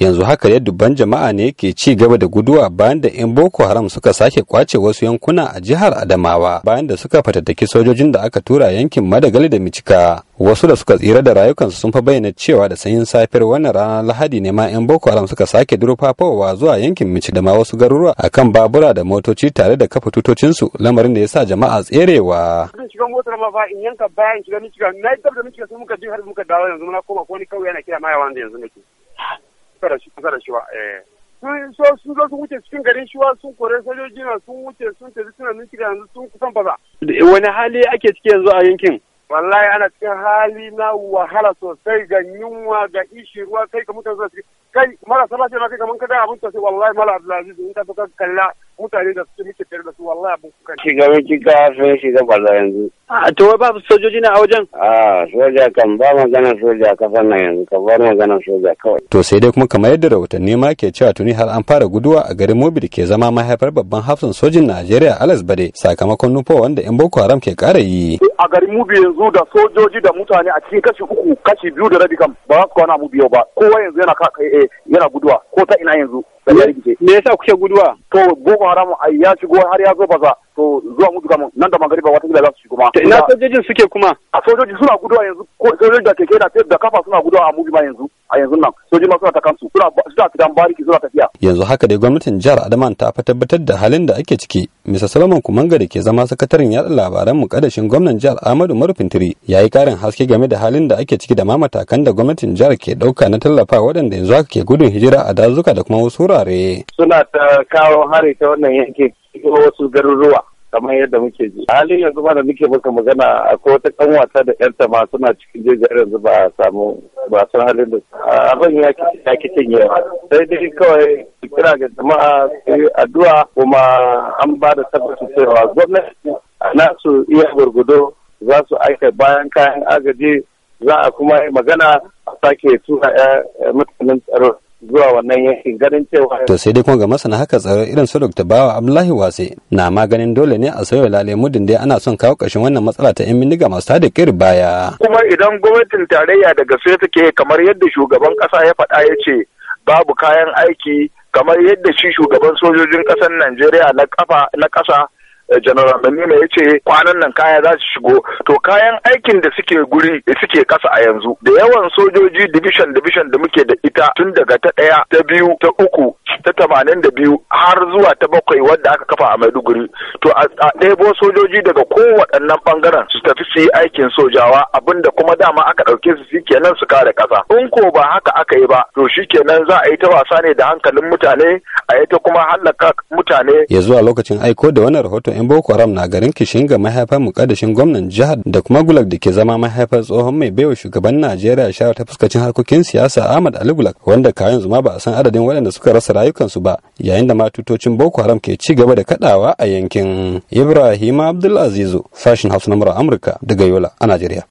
yanzu haka ya dubban jama'a ne ke ci gaba da guduwa bayan da 'yan boko haram suka sake kwace wasu yankuna a jihar adamawa bayan da suka fatattaki sojojin da aka tura yankin madagali da micika wasu da suka tsira da rayukansu sun fa bayyana cewa da sanyin safiyar wannan ranar lahadi ne ma 'yan boko haram suka sake durfafawa zuwa yankin mici da ma wasu garuruwa akan babura da motoci tare da kafa tutocinsu lamarin da ya sa jama'a tserewa in yanka shiga na yi da muka har muka dawo yanzu koma ko wani kawai yana kira ma yawan yanzu nake kusa da shi kusa da shi ba eh. so sun zo sun wuce cikin garin shiwa sun kore sojoji na sun wuce sun tafi suna nan cikin yanzu sun kusan fasa wani hali ake ciki yanzu a yankin wallahi ana cikin hali na wahala sosai ga yunwa ga ishi ruwa kai ka mutane zuwa kai mara sala ce maka kaman kada abin ta sai wallahi mala abdulaziz in ka fuka kalla mutane da su muke tare da su wallahi abun kuka shugabanci ka sai shi da baza yanzu a ah, to wai babu sojoji na a wajen a ah, soja kan ba magana soja kafan nan yanzu ka bar magana soja kawai to sai dai kuma kamar yadda rahotanni ma ke cewa tuni har an fara guduwa a garin Mobi da ke zama mahaifar babban hafsan sojin Najeriya Alas Bade sakamakon nufo wanda yan Boko Haram ke kara yi a garin Mobi yanzu da sojoji da mutane a cikin kashi uku kashi biyu da rabi kam ba za su kwana mu ba kowa yanzu yana eh, eh, guduwa ko ta ina yanzu me yasa kuke guduwa to boko haram ya shigo har ya zo baza to zuwa mutu kamun nan da magariba wata za su shigo ma to ina sojojin suke kuma a sojoji suna guduwa yanzu ko sojoji da keke da da kafa suna guduwa a mubi ma yanzu a yanzu nan sojoji ma suna ta kansu suna suna fitan bariki suna tafiya yanzu haka dai gwamnatin jihar Adaman ta fa tabbatar da halin da ake ciki Mr. Solomon Kumanga da ke zama sakataren yada labaran mukaddashin gwamnan jihar Ahmadu Marufintiri ya yi karin haske game da halin da ake ciki da ma matakan da gwamnatin jihar ke dauka na tallafa waɗanda yanzu haka ke gudun hijira a dazuka da kuma wasu wurare. Suna ta kawo hari ta wannan yankin wasu garuruwa. kamar yadda muke ji halin yanzu ba da muke maka magana akwai wata kanwata da yarta masu suna cikin jeji yanzu ba a samu ba san halin da abin ya ya kicin yawa sai dai kawai kira ga jama'a addu'a kuma an ba da tabbacin cewa gwamnati na su iya gurgudo za su aika bayan kayan agaji za a kuma yi magana a sake tura mutanen tsaro zuwa wannan yankin ganin cewa to sai dai kuma ga masana haka tsaro irin su Dr. Bawa Abdullahi Wase na maganin dole ne a sauya lale muddin dai ana son kawo ƙarshen wannan matsala ta yan bindiga masu tada kir baya kuma idan gwamnatin tarayya daga gaske take kamar yadda shugaban ƙasa ya faɗa ya ce babu kayan aiki kamar yadda shi shugaban sojojin ƙasar Najeriya na ƙasa Eh, general manila ya ce kwanan nan kaya za su shigo to kayan aikin da suke guri da suke kasa a yanzu da yawan sojoji division division da muke da ita tun daga ta ɗaya ta biyu ta uku ta tamanin da biyu har zuwa ta bakwai wadda aka kafa a maiduguri to a ɗebo sojoji daga kowaɗannan ɓangaren su tafi su yi aikin sojawa abinda kuma dama aka ɗauke su shi kenan su kare kasa. in ko ba haka aka yi ba to shi kenan za a yi ta wasa ne da hankalin mutane a yi ta kuma hallaka mutane ya zuwa lokacin aiko da wannan rahoton 'yan boko haram na garin kishinga mahaifar mukaddashin gwamnan jihar da kuma gulag da ke zama mahaifar tsohon mai baiwa shugaban najeriya shawar ta fuskacin harkokin siyasa ahmad ali gulag wanda kayan zuma ma ba a san adadin waɗanda suka rasa rayukansu ba yayin da matutocin boko haram ke ci gaba da kaɗawa a yankin ibrahim abdulazizu sashin hausa na amurka daga yola a najeriya